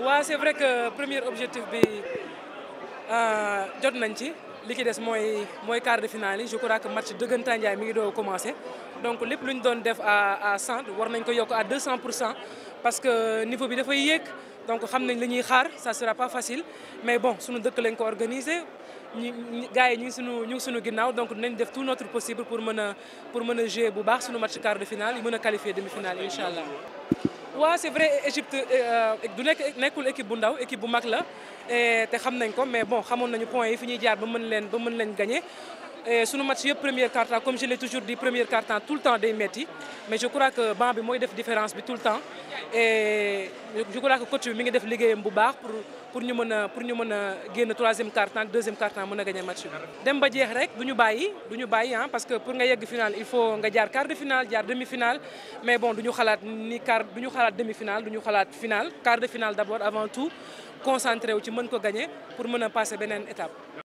Oui, c'est vrai que le premier objectif est euh, jot nañ ci des quart de finale je crois que le match de jaay a commencé donc nous devons ñu doon def à à 100 war nañ ko yokk à 200 parce que niveau bi dafay yéeg donc xam nañ li Ça ne sera pas facile mais bon si nous devons ko organiser nous gars yi nous tout notre possible pour mener pour jouer bu baax match quart de finale yi mën qualifier demi-finale Inch'Allah c'est vrai Égypte est euh, euh, nekk équipe équipe eh, mais bon je nañu points yi fi jaar ba eh, match premier quart comme je l'ai toujours dit premier quart-temps tout le temps des métiers. mais je crois que Bambi différence bi tout le temps et je crois que coach bi mi ngi def liggéeyam bu baax pour pour ñu mën pour ñu mën a génn troisième quart-temps deuxième quart-temps mën gagner match dem ba jeex rek duñu bayyi duñu bayyi hein parce que pour nga yegg final il faut nga jaar quart de finale jaar demi-finale mais bon duñu xalaat ni quart duñu xalaat demi-finale duñu ñu xalaat finale quart de finale d'abord avant tout concentré wu ci mën ko gagner pour mën passer benen étape.